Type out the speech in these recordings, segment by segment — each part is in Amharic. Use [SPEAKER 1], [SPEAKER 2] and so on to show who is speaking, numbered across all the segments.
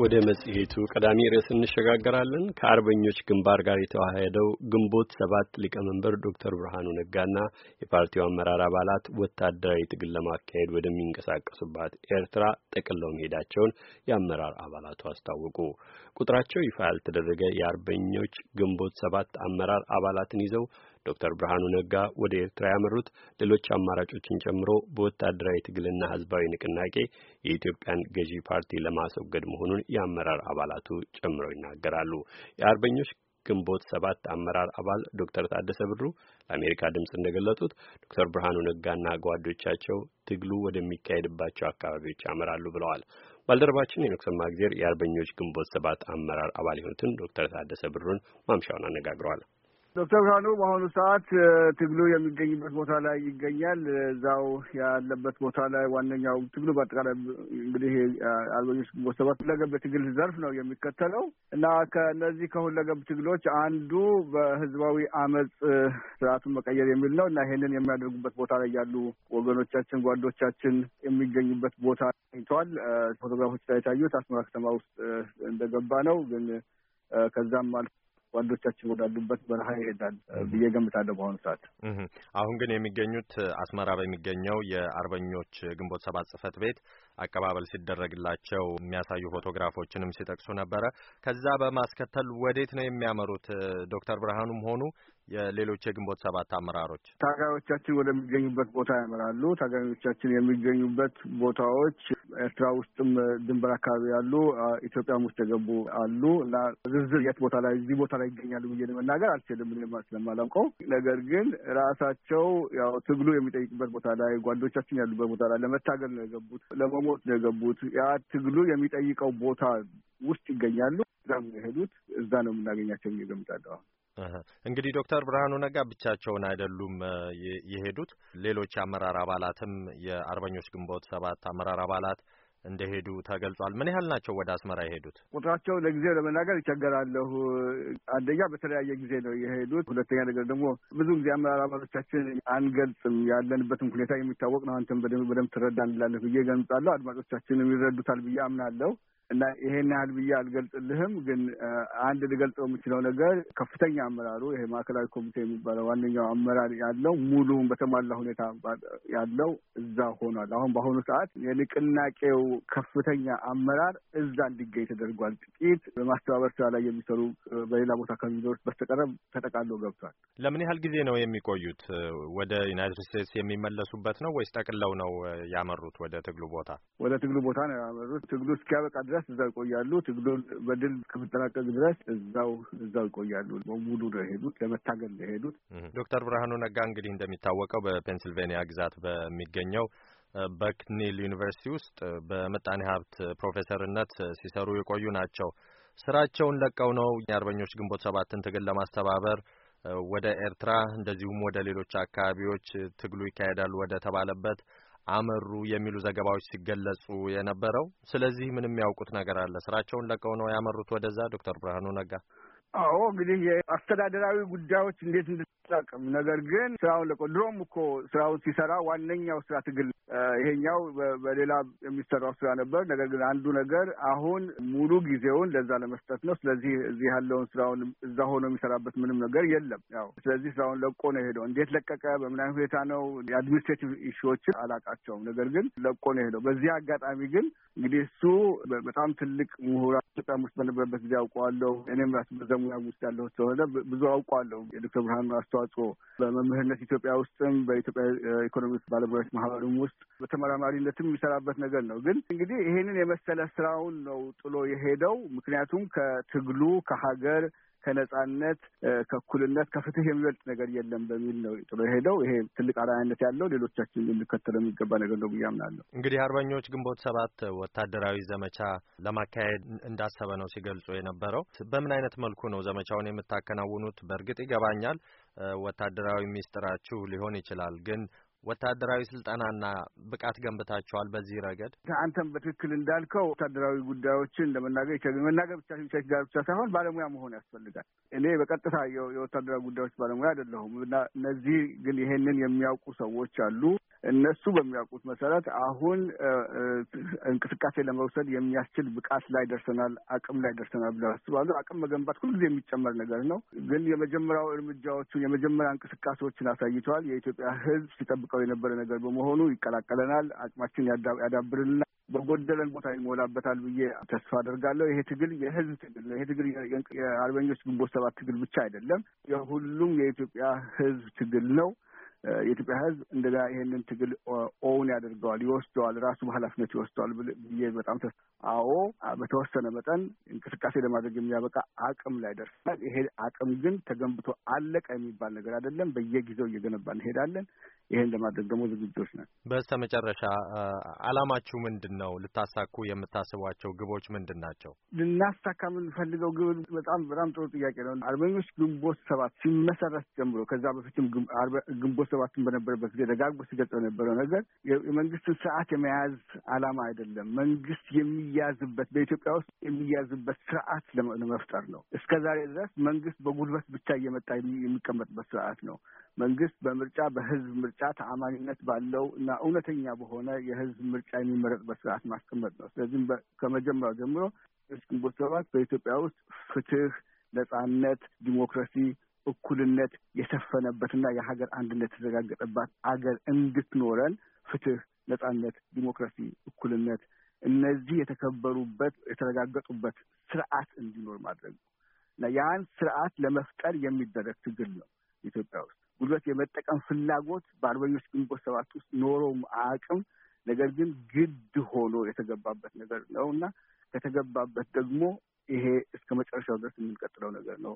[SPEAKER 1] ወደ መጽሔቱ ቀዳሚ ርዕስ እንሸጋገራለን። ከአርበኞች ግንባር ጋር የተዋሃደው ግንቦት ሰባት ሊቀመንበር ዶክተር ብርሃኑ ነጋና የፓርቲው አመራር አባላት ወታደራዊ ትግል ለማካሄድ ወደሚንቀሳቀሱባት ኤርትራ ጠቅለው መሄዳቸውን የአመራር አባላቱ አስታወቁ። ቁጥራቸው ይፋ ያልተደረገ የአርበኞች ግንቦት ሰባት አመራር አባላትን ይዘው ዶክተር ብርሃኑ ነጋ ወደ ኤርትራ ያመሩት ሌሎች አማራጮችን ጨምሮ በወታደራዊ ትግልና ህዝባዊ ንቅናቄ የኢትዮጵያን ገዢ ፓርቲ ለማስወገድ መሆኑን የአመራር አባላቱ ጨምረው ይናገራሉ። የአርበኞች ግንቦት ሰባት አመራር አባል ዶክተር ታደሰ ብሩ ለአሜሪካ ድምፅ እንደገለጡት ዶክተር ብርሃኑ ነጋና ጓዶቻቸው ትግሉ ወደሚካሄድባቸው አካባቢዎች ያመራሉ ብለዋል። ባልደረባችን የንኩሰማ ማግዜር የአርበኞች ግንቦት ሰባት አመራር አባል የሆኑትን ዶክተር ታደሰ ብሩን ማምሻውን አነጋግረዋል።
[SPEAKER 2] ዶክተር ብርሃኑ በአሁኑ ሰዓት ትግሉ የሚገኝበት ቦታ ላይ ይገኛል። እዛው ያለበት ቦታ ላይ ዋነኛው ትግሉ በአጠቃላይ እንግዲህ አርበኞች ግንቦት ሰባት ሁለገብ ዘርፍ ነው የሚከተለው እና ከእነዚህ ከሁለገብ ትግሎች አንዱ በህዝባዊ አመፅ ስርዓቱን መቀየር የሚል ነው እና ይሄንን የሚያደርጉበት ቦታ ላይ ያሉ ወገኖቻችን፣ ጓዶቻችን የሚገኙበት ቦታ ይተዋል። ፎቶግራፎች ላይ የታዩት አስመራ ከተማ ውስጥ እንደገባ ነው ግን ከዛም አልፎ ወንዶቻችን ወዳሉበት በረሃ ይሄዳል ብዬ ገምታለሁ። በአሁኑ ሰዓት
[SPEAKER 1] አሁን ግን የሚገኙት አስመራ በሚገኘው የአርበኞች ግንቦት ሰባት ጽህፈት ቤት አቀባበል ሲደረግላቸው የሚያሳዩ ፎቶግራፎችንም ሲጠቅሱ ነበረ። ከዛ በማስከተል ወዴት ነው የሚያመሩት? ዶክተር ብርሃኑም ሆኑ የሌሎች የግንቦት ሰባት አመራሮች
[SPEAKER 2] ታጋዮቻችን ወደሚገኙበት ቦታ ያመራሉ። ታጋዮቻችን የሚገኙበት ቦታዎች ኤርትራ ውስጥም ድንበር አካባቢ ያሉ ኢትዮጵያም ውስጥ የገቡ አሉ እና ዝርዝር የት ቦታ ላይ እዚህ ቦታ ላይ ይገኛሉ ብዬ ለመናገር አልችልም ስለማላውቀው። ነገር ግን ራሳቸው ያው ትግሉ የሚጠይቅበት ቦታ ላይ ጓዶቻችን ያሉበት ቦታ ላይ ለመታገል ነው የገቡት ለመሞ ውስጥ ነው የገቡት። ያ ትግሉ የሚጠይቀው ቦታ ውስጥ ይገኛሉ። እዛ ነው የሄዱት። እዛ ነው የምናገኛቸው ብዬ
[SPEAKER 1] እንግዲህ ዶክተር ብርሃኑ ነጋ ብቻቸውን አይደሉም የሄዱት። ሌሎች የአመራር አባላትም የአርበኞች ግንቦት ሰባት አመራር አባላት እንደሄዱ ተገልጿል። ምን ያህል ናቸው ወደ አስመራ የሄዱት?
[SPEAKER 2] ቁጥራቸው ለጊዜው ለመናገር ይቸገራለሁ። አንደኛ በተለያየ ጊዜ ነው የሄዱት። ሁለተኛ ነገር ደግሞ ብዙ ጊዜ አመራር አባሎቻችን አንገልጽም። ያለንበትም ሁኔታ የሚታወቅ ነው። አንተም በደንብ ትረዳ እንላለን ብዬ ገምጻለሁ። አድማጮቻችንም ይረዱታል ብዬ አምናለሁ። እና ይሄን ያህል ብዬ አልገልጽልህም። ግን አንድ ልገልጸው የምችለው ነገር ከፍተኛ አመራሩ ይሄ ማዕከላዊ ኮሚቴ የሚባለው ዋነኛው አመራር ያለው ሙሉውን በተሟላ ሁኔታ ያለው እዛ ሆኗል። አሁን በአሁኑ ሰዓት የንቅናቄው ከፍተኛ አመራር እዛ እንዲገኝ ተደርጓል። ጥቂት በማስተባበር ስራ ላይ የሚሰሩ በሌላ ቦታ ከሚኖሩት በስተቀረብ ተጠቃሎ ገብቷል።
[SPEAKER 1] ለምን ያህል ጊዜ ነው የሚቆዩት? ወደ ዩናይትድ ስቴትስ የሚመለሱበት ነው ወይስ ጠቅለው ነው ያመሩት ወደ ትግሉ ቦታ?
[SPEAKER 2] ወደ ትግሉ ቦታ ነው ያመሩት። ትግሉ እስኪያበቃ ድረስ ድረስ እዛው ይቆያሉ። ትግሉን በድል ከመጠናቀቅ ድረስ እዛው እዛው ይቆያሉ። ሙሉ ነው የሄዱት፣ ለመታገል ነው የሄዱት።
[SPEAKER 1] ዶክተር ብርሃኑ ነጋ እንግዲህ እንደሚታወቀው በፔንስልቬኒያ ግዛት በሚገኘው በክኒል ዩኒቨርሲቲ ውስጥ በምጣኔ ሀብት ፕሮፌሰርነት ሲሰሩ የቆዩ ናቸው። ስራቸውን ለቀው ነው የአርበኞች ግንቦት ሰባትን ትግል ለማስተባበር ወደ ኤርትራ እንደዚሁም ወደ ሌሎች አካባቢዎች ትግሉ ይካሄዳል ወደ ተባለበት አመሩ የሚሉ ዘገባዎች ሲገለጹ የነበረው። ስለዚህ ምንም የሚያውቁት ነገር አለ? ስራቸውን ለቀው ነው ያመሩት ወደዛ? ዶክተር ብርሃኑ ነጋ
[SPEAKER 2] አዎ እንግዲህ የአስተዳደራዊ ጉዳዮች እንዴት አይጠቅም። ነገር ግን ስራውን ለቆ ድሮም እኮ ስራውን ሲሰራ ዋነኛው ስራ ትግል፣ ይሄኛው በሌላ የሚሰራው ስራ ነበር። ነገር ግን አንዱ ነገር አሁን ሙሉ ጊዜውን ለዛ ለመስጠት ነው። ስለዚህ እዚህ ያለውን ስራውን እዛ ሆኖ የሚሰራበት ምንም ነገር የለም። ያው ስለዚህ ስራውን ለቆ ነው የሄደው። እንዴት ለቀቀ? በምን አይነት ሁኔታ ነው? የአድሚኒስትሬቲቭ ኢሹዎችን አላቃቸውም። ነገር ግን ለቆ ነው የሄደው። በዚህ አጋጣሚ ግን እንግዲህ እሱ በጣም ትልቅ ምሁራ ኢትዮጵያ ውስጥ በነበረበት ጊዜ አውቀዋለሁ። እኔም ራሱ በዘሙያ ውስጥ ያለሁት ስለሆነ ብዙ አውቀዋለሁ። የዶክተር ብርሃኑ አስተዋ አስተዋጽኦ በመምህርነት ኢትዮጵያ ውስጥም በኢትዮጵያ ውስጥ ባለሙያዎች ማህበርም ውስጥ በተመራማሪነትም የሚሰራበት ነገር ነው። ግን እንግዲህ ይሄንን የመሰለ ስራውን ነው ጥሎ የሄደው። ምክንያቱም ከትግሉ ከሀገር ከነጻነት ከእኩልነት ከፍትህ የሚበልጥ ነገር የለም በሚል ነው ጥሎ ሄደው። ይሄ ትልቅ አርአያነት ያለው ሌሎቻችን ልንከተለው የሚገባ ነገር ነው ብዬ አምናለሁ።
[SPEAKER 1] እንግዲህ አርበኞች ግንቦት ሰባት ወታደራዊ ዘመቻ ለማካሄድ እንዳሰበ ነው ሲገልጹ የነበረው። በምን አይነት መልኩ ነው ዘመቻውን የምታከናውኑት? በእርግጥ ይገባኛል ወታደራዊ ሚስጥራችሁ ሊሆን ይችላል ግን ወታደራዊ ስልጠናና ብቃት ገንብታችኋል። በዚህ ረገድ
[SPEAKER 2] አንተም በትክክል እንዳልከው ወታደራዊ ጉዳዮችን ለመናገር መናገር ብቻ ጋር ብቻ ሳይሆን ባለሙያ መሆን ያስፈልጋል። እኔ በቀጥታ የወታደራዊ ጉዳዮች ባለሙያ አይደለሁም እና እነዚህ ግን ይሄንን የሚያውቁ ሰዎች አሉ። እነሱ በሚያውቁት መሰረት አሁን እንቅስቃሴ ለመውሰድ የሚያስችል ብቃት ላይ ደርሰናል፣ አቅም ላይ ደርሰናል ብለው ያስባሉ። አቅም መገንባት ሁልጊዜ የሚጨመር ነገር ነው። ግን የመጀመሪያው እርምጃዎቹን የመጀመሪያ እንቅስቃሴዎችን አሳይተዋል። የኢትዮጵያ ሕዝብ ሲጠብቀው የነበረ ነገር በመሆኑ ይቀላቀለናል፣ አቅማችን ያዳብርልናል በጎደለን ቦታ ይሞላበታል ብዬ ተስፋ አደርጋለሁ። ይሄ ትግል የህዝብ ትግል ነው። ይሄ ትግል የአርበኞች ግንቦት ሰባት ትግል ብቻ አይደለም፣ የሁሉም የኢትዮጵያ ህዝብ ትግል ነው። የኢትዮጵያ ህዝብ እንደዛ ይሄንን ትግል ኦውን ያደርገዋል፣ ይወስደዋል፣ ራሱ በኃላፊነት ይወስደዋል ብዬ በጣም ተስ አዎ፣ በተወሰነ መጠን እንቅስቃሴ ለማድረግ የሚያበቃ አቅም ላይ ደርሰናል። ይሄ አቅም ግን ተገንብቶ አለቀ የሚባል ነገር አይደለም። በየጊዜው እየገነባ እንሄዳለን። ይሄን ለማድረግ ደግሞ ዝግጅቶች ናቸው።
[SPEAKER 1] በስተ መጨረሻ አላማችሁ ምንድን ነው? ልታሳኩ የምታስቧቸው ግቦች ምንድን ናቸው?
[SPEAKER 2] ልናሳካ የምንፈልገው ግብ በጣም በጣም ጥሩ ጥያቄ ነው። አርበኞች ግንቦት ሰባት ሲመሰረት ጀምሮ ከዛ በፊትም ግንቦት ሰባትን በነበረበት ጊዜ ደጋግቦ ሲገልጸው የነበረው ነገር የመንግስትን ስርዓት የመያዝ አላማ አይደለም። መንግስት የሚያዝበት በኢትዮጵያ ውስጥ የሚያዝበት ስርዓት ለመፍጠር ነው። እስከ ዛሬ ድረስ መንግስት በጉልበት ብቻ እየመጣ የሚቀመጥበት ስርዓት ነው። መንግስት በምርጫ በህዝብ ምርጫ ተአማኒነት ባለው እና እውነተኛ በሆነ የህዝብ ምርጫ የሚመረጥበት ስርዓት ማስቀመጥ ነው። ስለዚህም ከመጀመሪያው ጀምሮ ግንቦት ሰባት በኢትዮጵያ ውስጥ ፍትህ፣ ነጻነት፣ ዲሞክራሲ፣ እኩልነት የሰፈነበትና የሀገር አንድነት የተረጋገጠባት አገር እንድትኖረን ፍትህ፣ ነጻነት፣ ዲሞክራሲ፣ እኩልነት እነዚህ የተከበሩበት የተረጋገጡበት ስርዓት እንዲኖር ማድረግ ነው እና ያን ስርዓት ለመፍጠር የሚደረግ ትግል ነው ኢትዮጵያ ውስጥ ጉልበት የመጠቀም ፍላጎት በአርበኞች ግንቦት ሰባት ውስጥ ኖሮም አቅም ነገር ግን ግድ ሆኖ የተገባበት ነገር ነው እና ከተገባበት ደግሞ ይሄ እስከ መጨረሻው ድረስ የምንቀጥለው ነገር ነው።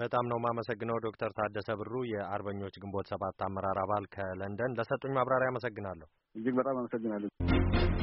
[SPEAKER 1] በጣም ነው የማመሰግነው ዶክተር ታደሰ ብሩ የአርበኞች ግንቦት ሰባት አመራር አባል ከለንደን ለሰጡኝ ማብራሪያ አመሰግናለሁ። እጅግ በጣም አመሰግናለሁ።